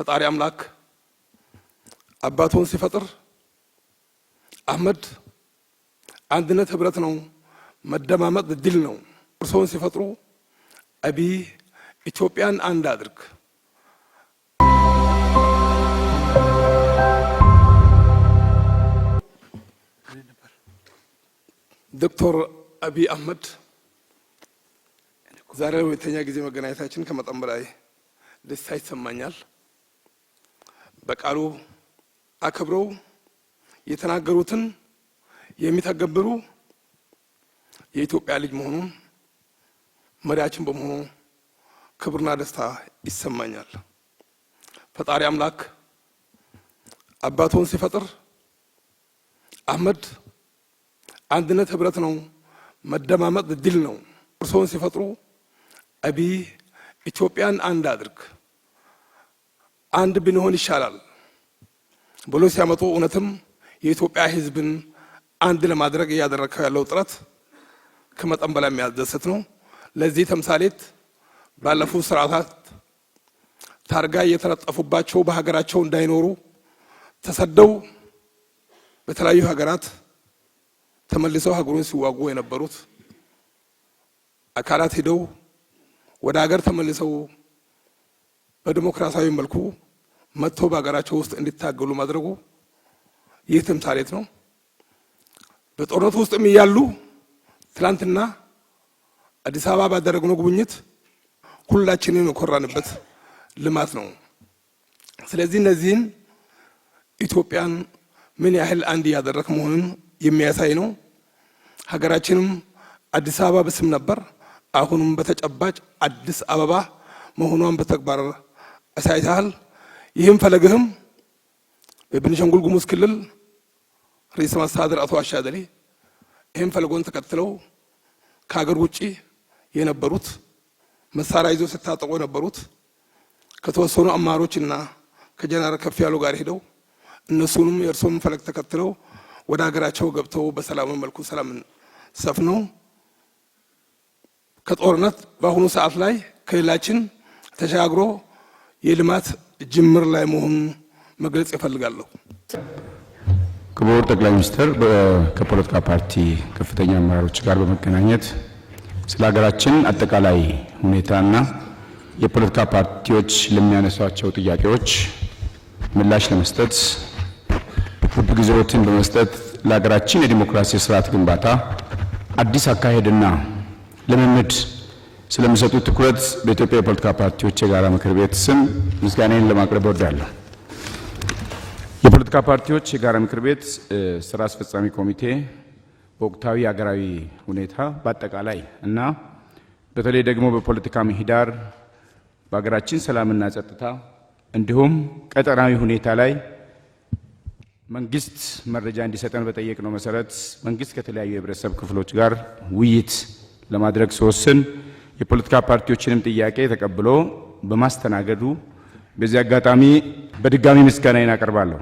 ፈጣሪ አምላክ አባቱን ሲፈጥር አህመድ አንድነት ህብረት ነው፣ መደማመጥ ድል ነው። እርሶን ሲፈጥሩ አቢይ ኢትዮጵያን አንድ አድርግ ዶክተር አብይ አህመድ ዛሬ ለሁለተኛ ጊዜ መገናኘታችን ከመጠን በላይ ደስታ ይሰማኛል። በቃሉ አክብረው የተናገሩትን የሚተገብሩ የኢትዮጵያ ልጅ መሆኑን መሪያችን በመሆኑ ክብርና ደስታ ይሰማኛል። ፈጣሪ አምላክ አባቶን ሲፈጥር አህመድ አንድነት ህብረት ነው፣ መደማመጥ ድል ነው። እርሶን ሲፈጥሩ አቢይ ኢትዮጵያን አንድ አድርግ አንድ ብንሆን ይሻላል ብሎ ሲያመጡ እውነትም የኢትዮጵያ ህዝብን አንድ ለማድረግ እያደረግከው ያለው ጥረት ከመጠን በላይ የሚያስደስት ነው። ለዚህ ተምሳሌት ባለፉት ስርዓታት ታርጋ እየተለጠፉባቸው በሀገራቸው እንዳይኖሩ ተሰደው በተለያዩ ሀገራት ተመልሰው ሀገሩን ሲዋጉ የነበሩት አካላት ሄደው ወደ ሀገር ተመልሰው በዲሞክራሲያዊ መልኩ መጥቶ በሀገራቸው ውስጥ እንዲታገሉ ማድረጉ ይህ ተምሳሌት ነው። በጦርነቱ ውስጥም እያሉ ትላንትና አዲስ አበባ ባደረግነው ጉብኝት ሁላችንን የኮራንበት ልማት ነው። ስለዚህ እነዚህን ኢትዮጵያን ምን ያህል አንድ እያደረግ መሆኑን የሚያሳይ ነው። ሀገራችንም አዲስ አበባ በስም ነበር፣ አሁንም በተጨባጭ አዲስ አበባ መሆኗን በተግባር አሳይተሃል። ይህም ፈለግህም በቤኒሻንጉል ጉሙዝ ክልል ርዕሰ መስተዳድር አቶ አሻደሌ ይህም ፈለጎን ተከትለው ከሀገር ውጭ የነበሩት መሳሪያ ይዞ ሲታጠቁ የነበሩት ከተወሰኑ አማሮችና ከጀነራል ከፍ ያሉ ጋር ሄደው እነሱንም የእርሶም ፈለግ ተከትለው ወደ ሀገራቸው ገብተው በሰላም መልኩ ሰላምን ሰፍነው ከጦርነት በአሁኑ ሰዓት ላይ ክልላችን ተሻግሮ የልማት ጅምር ላይ መሆኑን መግለጽ ይፈልጋለሁ። ክቡር ጠቅላይ ሚኒስትር ከፖለቲካ ፓርቲ ከፍተኛ አመራሮች ጋር በመገናኘት ስለ ሀገራችን አጠቃላይ ሁኔታና የፖለቲካ ፓርቲዎች ለሚያነሷቸው ጥያቄዎች ምላሽ ለመስጠት ውድ ጊዜዎትን በመስጠት ለሀገራችን የዲሞክራሲ ስርዓት ግንባታ አዲስ አካሄድና ልምምድ ስለሚሰጡት ትኩረት በኢትዮጵያ የፖለቲካ ፓርቲዎች የጋራ ምክር ቤት ስም ምስጋናዬን ለማቅረብ እወዳለሁ። የፖለቲካ ፓርቲዎች የጋራ ምክር ቤት ስራ አስፈጻሚ ኮሚቴ በወቅታዊ አገራዊ ሁኔታ በአጠቃላይ እና በተለይ ደግሞ በፖለቲካ ምህዳር በሀገራችን ሰላምና ጸጥታ እንዲሁም ቀጠናዊ ሁኔታ ላይ መንግስት መረጃ እንዲሰጠን በጠየቅነው መሰረት መንግስት ከተለያዩ የህብረተሰብ ክፍሎች ጋር ውይይት ለማድረግ ሲወስን የፖለቲካ ፓርቲዎችንም ጥያቄ ተቀብሎ በማስተናገዱ በዚህ አጋጣሚ በድጋሚ ምስጋናዬን አቀርባለሁ።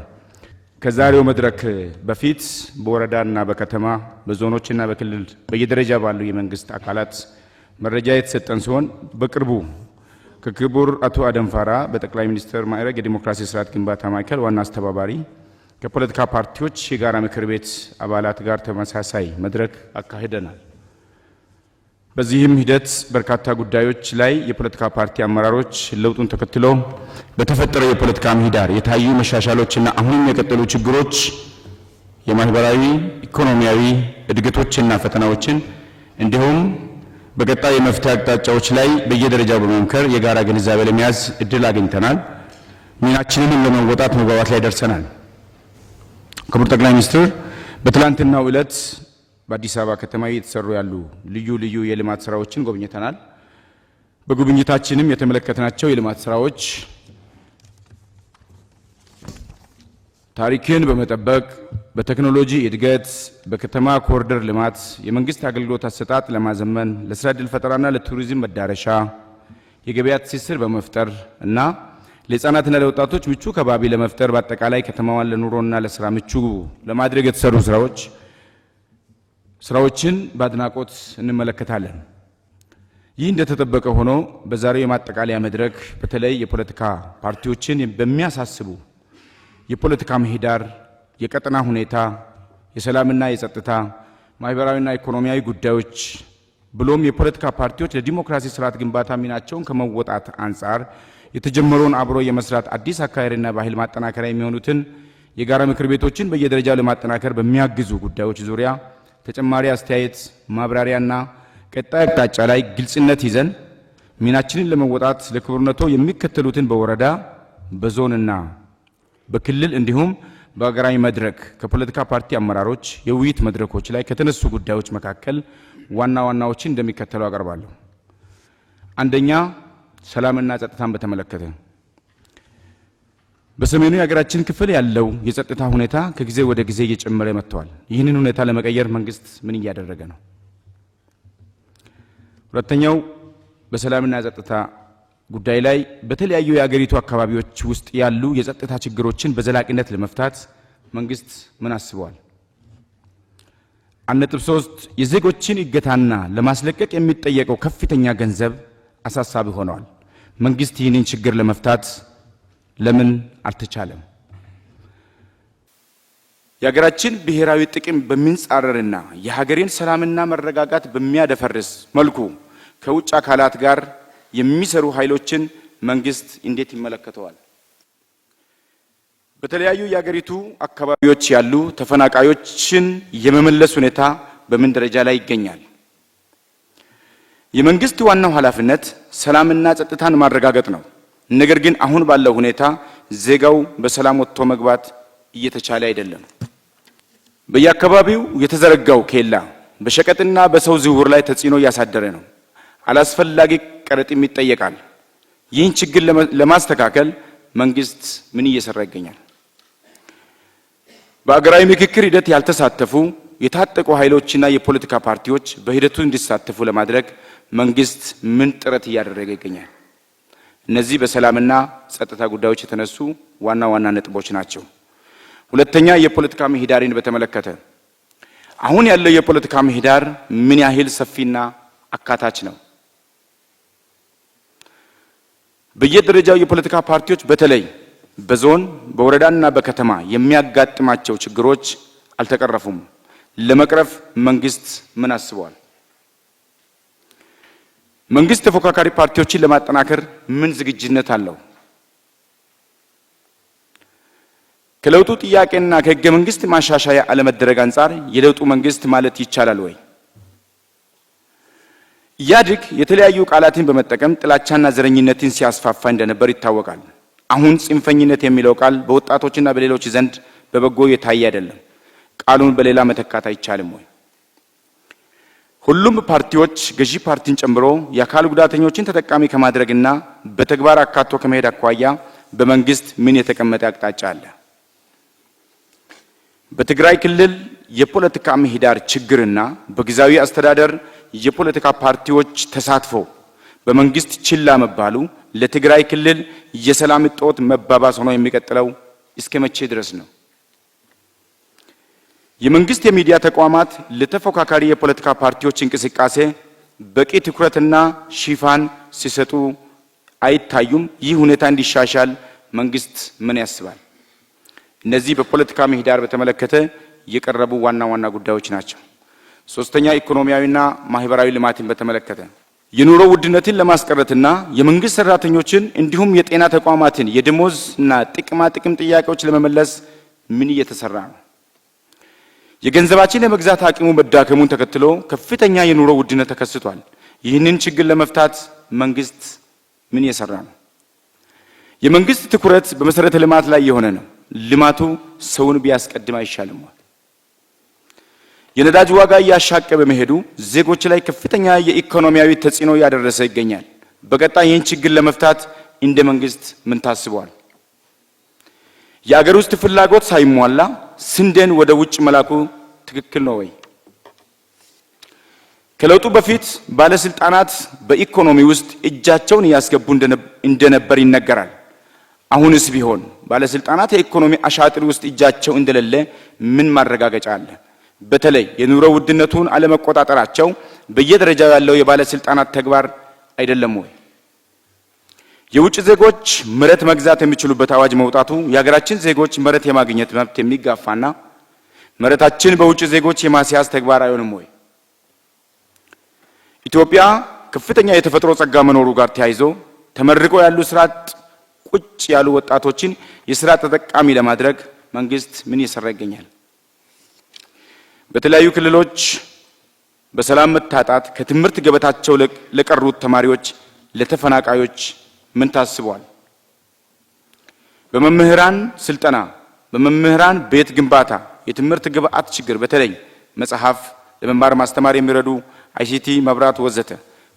ከዛሬው መድረክ በፊት በወረዳና በከተማ በዞኖችና በክልል በየደረጃ ባሉ የመንግስት አካላት መረጃ የተሰጠን ሲሆን በቅርቡ ከክቡር አቶ አደንፋራ በጠቅላይ ሚኒስትር ማዕረግ የዲሞክራሲ ስርዓት ግንባታ ማዕከል ዋና አስተባባሪ ከፖለቲካ ፓርቲዎች የጋራ ምክር ቤት አባላት ጋር ተመሳሳይ መድረክ አካሂደናል። በዚህም ሂደት በርካታ ጉዳዮች ላይ የፖለቲካ ፓርቲ አመራሮች ለውጡን ተከትሎ በተፈጠረው የፖለቲካ ምህዳር የታዩ መሻሻሎችና አሁንም የቀጠሉ ችግሮች፣ የማህበራዊ ኢኮኖሚያዊ እድገቶችና ፈተናዎችን እንዲሁም በቀጣይ የመፍትሄ አቅጣጫዎች ላይ በየደረጃው በመምከር የጋራ ግንዛቤ ለመያዝ እድል አግኝተናል። ሚናችንንም ለመወጣት መግባባት ላይ ደርሰናል። ክቡር ጠቅላይ ሚኒስትር በትላንትናው ዕለት በአዲስ አበባ ከተማ እየተሰሩ ያሉ ልዩ ልዩ የልማት ስራዎችን ጎብኝተናል። በጉብኝታችንም የተመለከትናቸው የልማት ስራዎች ታሪክን በመጠበቅ በቴክኖሎጂ እድገት፣ በከተማ ኮሪደር ልማት፣ የመንግስት አገልግሎት አሰጣጥ ለማዘመን፣ ለስራ ዕድል ፈጠራና ለቱሪዝም መዳረሻ የገበያ ትስስር በመፍጠር እና ለህፃናትና ለወጣቶች ምቹ ከባቢ ለመፍጠር በአጠቃላይ ከተማዋን ለኑሮና ለስራ ምቹ ለማድረግ የተሰሩ ስራዎች ስራዎችን በአድናቆት እንመለከታለን። ይህ እንደተጠበቀ ሆኖ በዛሬው የማጠቃለያ መድረክ በተለይ የፖለቲካ ፓርቲዎችን በሚያሳስቡ የፖለቲካ ምህዳር፣ የቀጠና ሁኔታ፣ የሰላምና የጸጥታ ማህበራዊና ኢኮኖሚያዊ ጉዳዮች ብሎም የፖለቲካ ፓርቲዎች ለዲሞክራሲ ስርዓት ግንባታ ሚናቸውን ከመወጣት አንጻር የተጀመረውን አብሮ የመስራት አዲስ አካሄድና ባህል ማጠናከሪያ የሚሆኑትን የጋራ ምክር ቤቶችን በየደረጃው ለማጠናከር በሚያግዙ ጉዳዮች ዙሪያ ተጨማሪ አስተያየት ማብራሪያና ቀጣይ አቅጣጫ ላይ ግልጽነት ይዘን ሚናችንን ለመወጣት ለክቡርነቶ የሚከተሉትን በወረዳ በዞንና በክልል እንዲሁም በሀገራዊ መድረክ ከፖለቲካ ፓርቲ አመራሮች የውይይት መድረኮች ላይ ከተነሱ ጉዳዮች መካከል ዋና ዋናዎችን እንደሚከተለው አቀርባለሁ። አንደኛ፣ ሰላምና ጸጥታን በተመለከተ በሰሜኑ የሀገራችን ክፍል ያለው የጸጥታ ሁኔታ ከጊዜ ወደ ጊዜ እየጨመረ መጥተዋል። ይህንን ሁኔታ ለመቀየር መንግስት ምን እያደረገ ነው? ሁለተኛው በሰላምና የጸጥታ ጉዳይ ላይ በተለያዩ የአገሪቱ አካባቢዎች ውስጥ ያሉ የጸጥታ ችግሮችን በዘላቂነት ለመፍታት መንግስት ምን አስበዋል? አንድ ነጥብ ሶስት የዜጎችን እገታና ለማስለቀቅ የሚጠየቀው ከፍተኛ ገንዘብ አሳሳቢ ሆነዋል። መንግስት ይህንን ችግር ለመፍታት ለምን አልተቻለም? የሀገራችን ብሔራዊ ጥቅም በሚንጻረርና የሀገሬን ሰላምና መረጋጋት በሚያደፈርስ መልኩ ከውጭ አካላት ጋር የሚሰሩ ኃይሎችን መንግስት እንዴት ይመለከተዋል? በተለያዩ የሀገሪቱ አካባቢዎች ያሉ ተፈናቃዮችን የመመለስ ሁኔታ በምን ደረጃ ላይ ይገኛል? የመንግስት ዋናው ኃላፊነት ሰላምና ጸጥታን ማረጋገጥ ነው። ነገር ግን አሁን ባለው ሁኔታ ዜጋው በሰላም ወጥቶ መግባት እየተቻለ አይደለም። በየአካባቢው የተዘረጋው ኬላ በሸቀጥና በሰው ዝውውር ላይ ተጽዕኖ እያሳደረ ነው። አላስፈላጊ ቀረጥም ይጠየቃል። ይህን ችግር ለማስተካከል መንግስት ምን እየሰራ ይገኛል? በአገራዊ ምክክር ሂደት ያልተሳተፉ የታጠቁ ኃይሎችና የፖለቲካ ፓርቲዎች በሂደቱ እንዲሳተፉ ለማድረግ መንግስት ምን ጥረት እያደረገ ይገኛል? እነዚህ በሰላምና ጸጥታ ጉዳዮች የተነሱ ዋና ዋና ነጥቦች ናቸው። ሁለተኛ የፖለቲካ ምህዳርን በተመለከተ አሁን ያለው የፖለቲካ ምህዳር ምን ያህል ሰፊና አካታች ነው? በየደረጃው የፖለቲካ ፓርቲዎች በተለይ በዞን በወረዳና በከተማ የሚያጋጥማቸው ችግሮች አልተቀረፉም። ለመቅረፍ መንግስት ምን አስበዋል? መንግስት ተፎካካሪ ፓርቲዎችን ለማጠናከር ምን ዝግጅነት አለው? ከለውጡ ጥያቄና ከህገ መንግስት ማሻሻያ አለመደረግ አንጻር የለውጡ መንግስት ማለት ይቻላል ወይ? ኢህአዴግ የተለያዩ ቃላትን በመጠቀም ጥላቻና ዘረኝነትን ሲያስፋፋ እንደነበር ይታወቃል። አሁን ጽንፈኝነት የሚለው ቃል በወጣቶችና በሌሎች ዘንድ በበጎ የታየ አይደለም። ቃሉን በሌላ መተካት አይቻልም ወይ? ሁሉም ፓርቲዎች ገዢ ፓርቲን ጨምሮ የአካል ጉዳተኞችን ተጠቃሚ ከማድረግና በተግባር አካቶ ከመሄድ አኳያ በመንግስት ምን የተቀመጠ አቅጣጫ አለ? በትግራይ ክልል የፖለቲካ ምህዳር ችግርና በጊዜያዊ አስተዳደር የፖለቲካ ፓርቲዎች ተሳትፎ በመንግስት ችላ መባሉ ለትግራይ ክልል የሰላም እጦት መባባስ ሆኖ የሚቀጥለው እስከ መቼ ድረስ ነው? የመንግስት የሚዲያ ተቋማት ለተፎካካሪ የፖለቲካ ፓርቲዎች እንቅስቃሴ በቂ ትኩረትና ሽፋን ሲሰጡ አይታዩም። ይህ ሁኔታ እንዲሻሻል መንግስት ምን ያስባል? እነዚህ በፖለቲካ ምህዳር በተመለከተ የቀረቡ ዋና ዋና ጉዳዮች ናቸው። ሶስተኛ ኢኮኖሚያዊና ማህበራዊ ልማትን በተመለከተ የኑሮ ውድነትን ለማስቀረትና የመንግስት ሰራተኞችን እንዲሁም የጤና ተቋማትን የደሞዝና ጥቅማ ጥቅም ጥያቄዎች ለመመለስ ምን እየተሰራ ነው? የገንዘባችን የመግዛት አቅሙ መዳከሙን ተከትሎ ከፍተኛ የኑሮ ውድነት ተከስቷል። ይህንን ችግር ለመፍታት መንግስት ምን እየሰራ ነው? የመንግስት ትኩረት በመሰረተ ልማት ላይ የሆነ ነው። ልማቱ ሰውን ቢያስቀድም አይሻልም? የነዳጅ ዋጋ እያሻቀበ መሄዱ ዜጎች ላይ ከፍተኛ የኢኮኖሚያዊ ተጽዕኖ እያደረሰ ይገኛል። በቀጣይ ይህን ችግር ለመፍታት እንደ መንግስት ምን ታስበዋል? የአገር ውስጥ ፍላጎት ሳይሟላ ስንዴን ወደ ውጭ መላኩ ትክክል ነው ወይ? ከለውጡ በፊት ባለስልጣናት በኢኮኖሚ ውስጥ እጃቸውን እያስገቡ እንደነበር ይነገራል። አሁንስ ቢሆን ባለስልጣናት የኢኮኖሚ አሻጥር ውስጥ እጃቸው እንደሌለ ምን ማረጋገጫ አለ? በተለይ የኑሮ ውድነቱን አለመቆጣጠራቸው በየደረጃው ያለው የባለስልጣናት ተግባር አይደለም ወይ? የውጭ ዜጎች መሬት መግዛት የሚችሉበት አዋጅ መውጣቱ የሀገራችን ዜጎች መሬት የማግኘት መብት የሚጋፋና መሬታችን በውጭ ዜጎች የማስያዝ ተግባር አይሆንም ወይ? ኢትዮጵያ ከፍተኛ የተፈጥሮ ጸጋ መኖሩ ጋር ተያይዞ ተመርቆ ያሉ ስራ ቁጭ ያሉ ወጣቶችን የስራ ተጠቃሚ ለማድረግ መንግስት ምን እየሰራ ይገኛል? በተለያዩ ክልሎች በሰላም መታጣት ከትምህርት ገበታቸው ለቀሩት ተማሪዎች፣ ለተፈናቃዮች ምን ታስቧል? በመምህራን ስልጠና፣ በመምህራን ቤት ግንባታ፣ የትምህርት ግብዓት ችግር፣ በተለይ መጽሐፍ፣ ለመማር ማስተማር የሚረዱ አይሲቲ፣ መብራት ወዘተ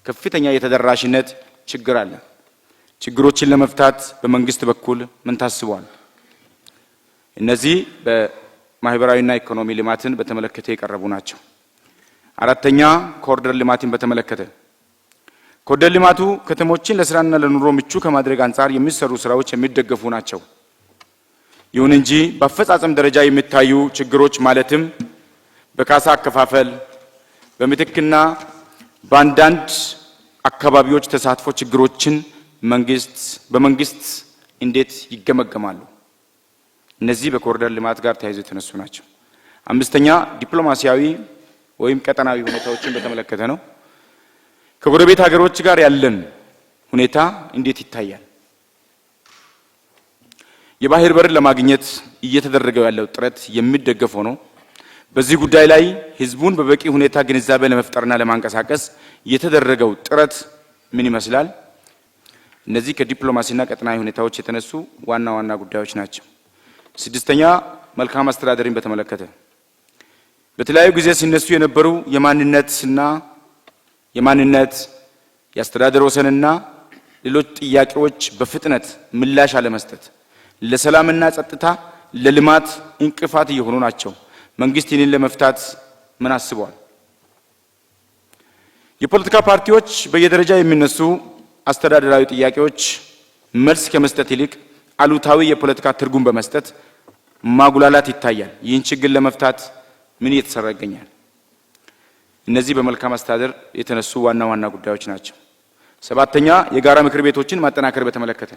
ከፍተኛ የተደራሽነት ችግር አለ። ችግሮችን ለመፍታት በመንግስት በኩል ምን ታስቧል? እነዚህ በማህበራዊና ኢኮኖሚ ልማትን በተመለከተ የቀረቡ ናቸው። አራተኛ ኮሪደር ልማትን በተመለከተ ኮሪደር ልማቱ ከተሞችን ለስራና ለኑሮ ምቹ ከማድረግ አንጻር የሚሰሩ ስራዎች የሚደገፉ ናቸው። ይሁን እንጂ በአፈጻጸም ደረጃ የሚታዩ ችግሮች ማለትም በካሳ አከፋፈል፣ በምትክና በአንዳንድ አካባቢዎች ተሳትፎ ችግሮችን መንግስት በመንግስት እንዴት ይገመገማሉ? እነዚህ በኮሪደር ልማት ጋር ተያይዘው የተነሱ ናቸው። አምስተኛ ዲፕሎማሲያዊ ወይም ቀጠናዊ ሁኔታዎችን በተመለከተ ነው። ከጎረቤት ሀገሮች ጋር ያለን ሁኔታ እንዴት ይታያል? የባህር በር ለማግኘት እየተደረገው ያለው ጥረት የሚደገፍ ሆኖ በዚህ ጉዳይ ላይ ህዝቡን በበቂ ሁኔታ ግንዛቤ ለመፍጠርና ለማንቀሳቀስ የተደረገው ጥረት ምን ይመስላል? እነዚህ ከዲፕሎማሲና ቀጠናዊ ሁኔታዎች የተነሱ ዋና ዋና ጉዳዮች ናቸው። ስድስተኛ መልካም አስተዳደርን በተመለከተ በተለያዩ ጊዜ ሲነሱ የነበሩ የማንነትና የማንነት የአስተዳደር ወሰንና ሌሎች ጥያቄዎች በፍጥነት ምላሽ አለመስጠት ለሰላምና ጸጥታ፣ ለልማት እንቅፋት እየሆኑ ናቸው። መንግስት ይህንን ለመፍታት ምን አስበዋል? የፖለቲካ ፓርቲዎች በየደረጃ የሚነሱ አስተዳደራዊ ጥያቄዎች መልስ ከመስጠት ይልቅ አሉታዊ የፖለቲካ ትርጉም በመስጠት ማጉላላት ይታያል። ይህን ችግር ለመፍታት ምን እየተሰራ ይገኛል? እነዚህ በመልካም አስተዳደር የተነሱ ዋና ዋና ጉዳዮች ናቸው። ሰባተኛ የጋራ ምክር ቤቶችን ማጠናከር በተመለከተ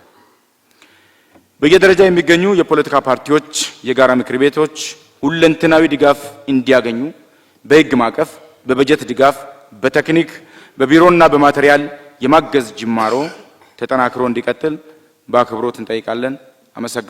በየደረጃ የሚገኙ የፖለቲካ ፓርቲዎች የጋራ ምክር ቤቶች ሁለንትናዊ ድጋፍ እንዲያገኙ በህግ ማቀፍ በበጀት ድጋፍ፣ በቴክኒክ በቢሮና በማቴሪያል የማገዝ ጅማሮ ተጠናክሮ እንዲቀጥል በአክብሮት እንጠይቃለን። አመሰግናለሁ።